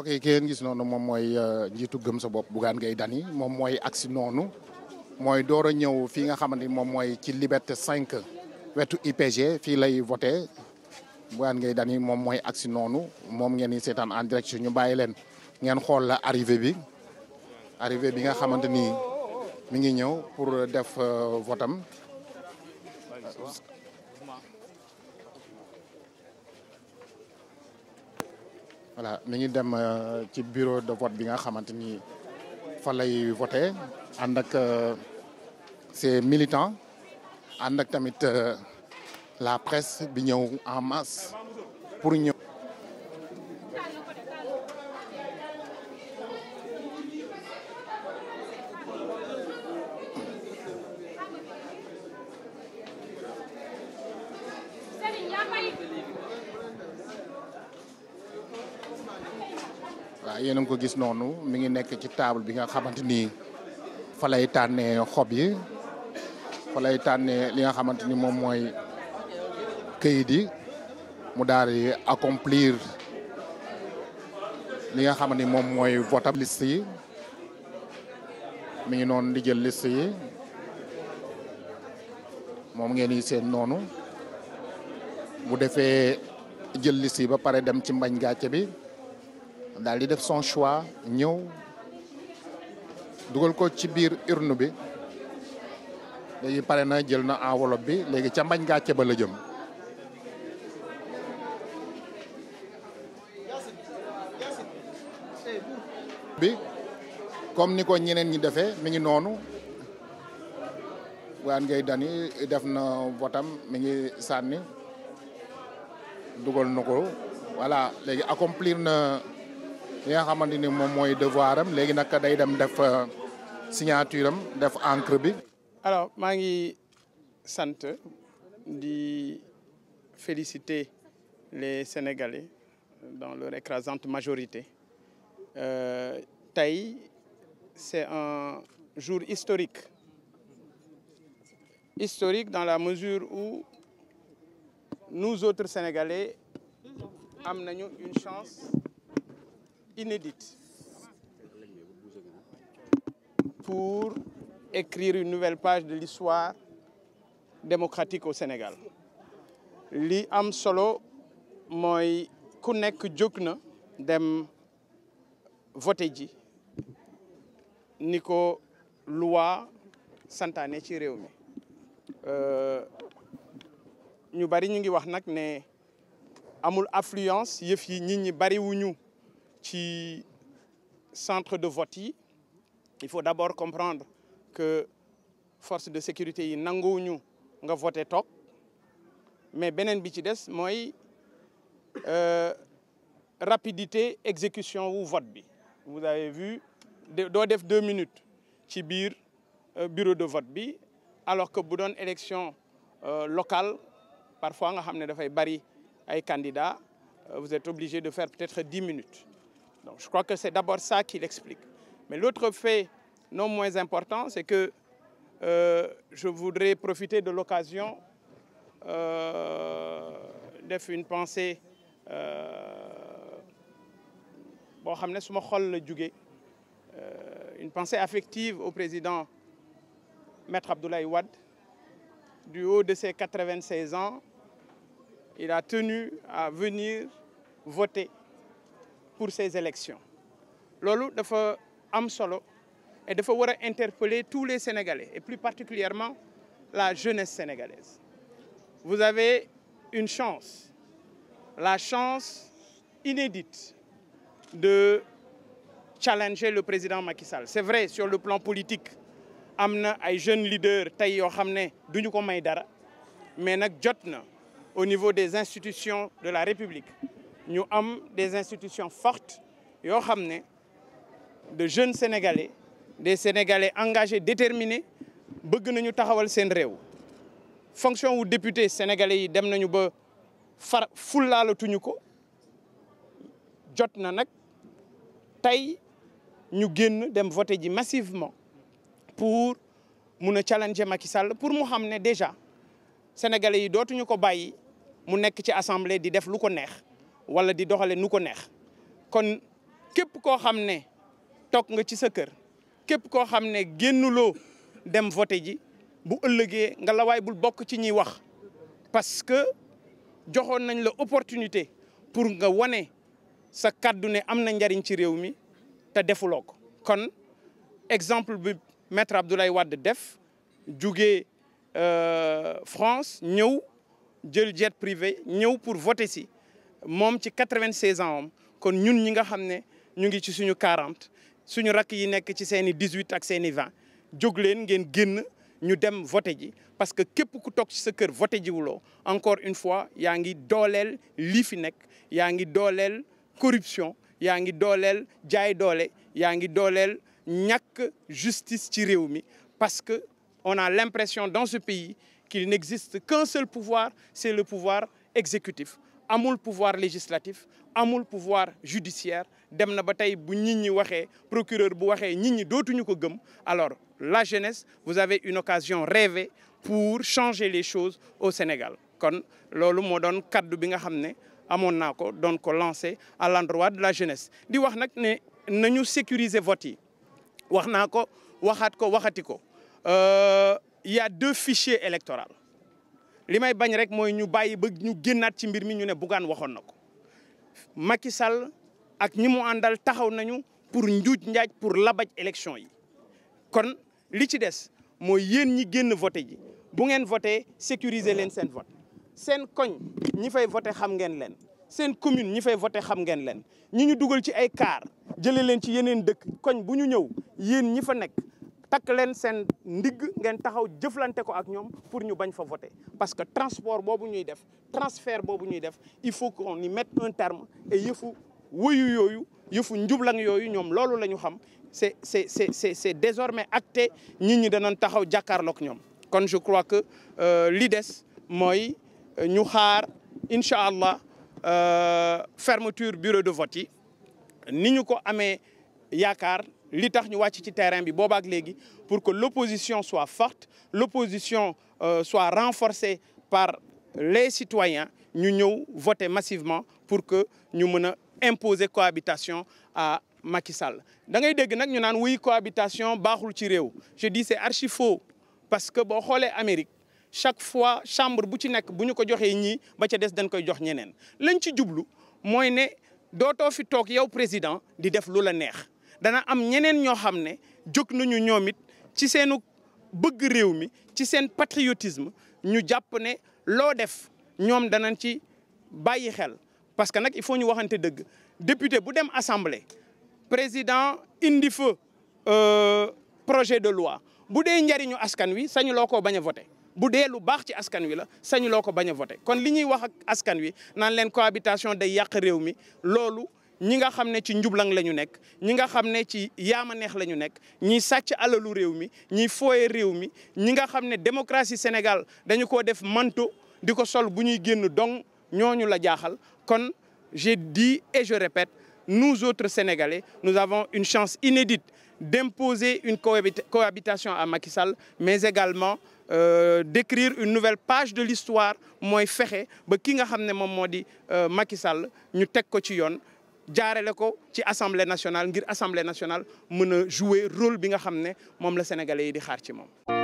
mbokk yi ki ngeen gis noonu moom mooy euh, njiitu gëm sa bopp Bougane Gueye Dany moom mooy agsi noonu mooy door a ñëw fii nga xamante ni moom mooy ci Liberté cinq wetu IPG fii lay voté Bougane Gueye Dany moom mooy agsi noonu moom ngeen di seetaan en direct ñu bàyyi leen ngeen xool la arrivé bi arrivé bi nga xamante ni mi ngi ñëw pour def euh, votam voilà mi ngi dem euh, ci bureau de vote bi nga xamante ni fa lay voté ànd ak ses euh, militants ànd ak tamit euh, la presse bi ñëw en masse pour ñëw. cas yéen a ngi ko gis noonu mi ngi nekk ci table bi nga xamante ni fa lay tànnee xob yi fa lay li nga xamante ni moom mooy këyit yi mu daal di accomplir li nga xam moom mooy vote liste yi mi ngi noonu di jël liste moom ngeen yi seen noonu bu defee jël liste yi ba pare dem ci mbañ gàcce bi daal di def son choix ñëw dugal ko ci biir urne bi léegi pare na jël na enveloppe bi léegi ca mbañ gàcce ba la jëm bi comme ni ko ñeneen ñi defee mi ngi noonu waan ngay dani def na votam mi ngi sànni dugal na ko voilà léegi accomplir na li nga xamante ni moom mooy devoir am léegi nag day dem def euh, signature def encre bi. alo maa ngi sant di féliciter les Sénégalais dans leur écrasante majorité euh, tey c'est un jour historique historique dans la mesure où nous autres Sénégalais am nañu une chance. inédite pour écrire une nouvelle page de l'histoire démocratique au Sénégal li am solo mooy ku nekk jog na dem voté ji ni ko loi santaane ci réew mi euh, ñu bari ñu ngi wax nag ne amul affluence yëf yi nit ñi bari wuñu ci centre de vote yi il faut d'abord comprendre que force de sécurité yi nanguwuñu nga voté toog mais beneen bi ci des mooy euh, rapidité exécution wu vote bi vous avez vu doo def deux minutes ci biir euh, bureau de vote bi alors que bu doon élection euh, locale parfois nga xam ne dafay bari ay candidats vous êtes obligé de faire peut-être dix minutes Donc je crois que c'est d'abord ça qui l'explique. Mais l'autre fait non moins important, c'est que euh, je voudrais profiter de l'occasion euh, def une pensée euh, boo xam ne suma xol la jóge euh, une pensée affective au président Maître Abdoulaye Wade du haut de ses 96 ans il a tenu à venir voter pour ces élections loolu dafa am solo et dafa war a interpeller tous les Sénégalais et plus particulièrement la jeunesse sénégalaise vous avez une chance la chance inédite de challenger le président Macky Sall c'est vrai sur le plan politique am na ay jeunes leaders tey yoo xam ne du ñu ko may dara mais nag jot na au niveau des institutions de la République ñu am des institutions fortes yoo xam ne de jeunes sénégalais des sénégalais engagé déterminés bëgg nañu taxawal seen réew fonction wu député sénégalais yi dem nañu ba far fullaalatuñu ko jot na nag tey ñu génn dem voté ji massivement pour mun a challenger Macky pour mu xam ne déjà sénégalais yi dootuñu ko bàyyi mu nekk ci assemblée di def lu ko neex wala di doxale nu ko neex kon képp koo xam ne toog nga ci sa kër képp koo xam ne génnuloo dem vote ji bu ëllëgee nga la bul bokk ci ñuy wax parce que joxoon nañ la opportunité pour nga wane sa kàddune am na njariñ ci réew mi te defuloo ko kon exemple bi maître Abdoulaye Wade def jugee euh, France ñëw jël jet privé ñëw pour voter si moom ci quatre vingt ans am kon ñun ñi nga xam ne ñu ngi ci suñu quarante suñu rakk yi nekk ci seen i dix-huit ak seeni i jóg leen ngeen génn ñu dem voté ji parce que képp ku toog ci sa kër voté ji wuloo encore une fois yaa ngi dooleel lii fi nekk yaa ngi dooleel corruption yaa ngi dooleel jaay doole yaa ngi dooleel ñàkk justice ci réew mi parce que on a l'impression dans ce pays qu'il n'existe qu'un seul pouvoir c'est le pouvoir exécutif amul pouvoir législatif amul pouvoir judiciaire dem na ba tey bu nit ñi waxee procureur bu waxee nit ñi dootuñu ko gëm alors la jeunesse vous avez une occasion rêvée pour changer les choses au Sénégal kon loolu moo doon kaddu bi nga xam ne amoon naa ko doon ko lancé à l'endroit de la jeunesse di wax nag ne nañu sécuriser vote yi wax naa ko waxaat ko waxati ko euh, il y a deux fichiers électoraux li may bañ rek mooy ñu bàyyi ba ñu génnaat ci mbir mi ñu ne Bougane waxoon na ko Macky Sall ak ñi mu àndal taxaw nañu pour njuuj njaaj pour labaj élection yi kon li ci des mooy yéen ñi génn voté ji bu ngeen voté sécuriser leen seen vote seen koñ ñi fay voté xam ngeen leen seen commune ñi fay voté xam ngeen leen ñi ñu dugal ci ay kaar jëlee leen ci yeneen dëkk koñ bu ñu ñëw yéen ñi fa nekk takk leen seen ndigg ngeen taxaw jëflante ko ak ñoom pour ñu bañ fa voter parce que transport boobu ñuy def transfert boobu ñuy def il faut qu'on y mette un terme et yëfu wëyu yooyu yëfu njublang yooyu ñoom loolu la ñu xam c'est c'est c'est c'est c'est désormais acté nit ñi danañ taxaw jàkkaarloog ñoom kon je crois que euh, li des mooy euh, ñu xaar incha allah euh, fermeture bureau de vote yi ni ñu ko amee yaakaar li tax ñu wàcc ci terrain bi boobaak léegi pour que l'opposition soit forte l'opposition euh, soit renforcée par les citoyens ñu ñëw voter massivement pour que ñu mën a imposer cohabitation à Macky Sall da ngay dégg nag ñu naan wuy cohabitation baaxul ci réew je dis c'est archi faux parce que boo xoolee Amérique chaque fois chambre bu ci nekk bu ñu ko joxee ñii ba ca des dañ koy jox ñeneen lañ ci jublu mooy ne dootoo fi toog yow président di def lu la neex dana am ñeneen ñoo xam ne jóg nañu ñoom it ci seenu bëgg réew mi ci seen patriotisme ñu jàpp ne loo def ñoom danañ ci bàyyi xel parce que nag il faut ñu waxante dëgg député bu dem assemblée président indi fa euh, projet de loi bu dee njariñu askan wi sañu loo koo bañ a voté bu dee lu baax ci askan wi la sañuloo ko bañ a voté kon li ñuy wax ak askan wi naan leen cohabitation de yàq réew mi loolu ñi nga xam ne ci njublang la ñu nekk ñi nga xam ne ci yaama neex la ñu nekk ñiy sàcc alalu réew mi ñiy fooye réew mi ñi nga xam ne démocratie Sénégal dañu ko def manteau di ko sol bu ñuy génn dong ñooñu la jaaxal kon j'ai di et je répète nous autres Sénégalais nous avons une chance inédite d'imposer une cohabitation à Macky Sall mais également Euh, d'écrire une nouvelle page de l'histoire mooy fexe ba ki nga xam ne moom moo di euh, Macky Sall ñu teg ko ci yoon jaarale ko ci assemblée nationale ngir assemblée nationale mën a jouer rôle bi nga xam ne moom la sénégalais yi di xaar ci moom.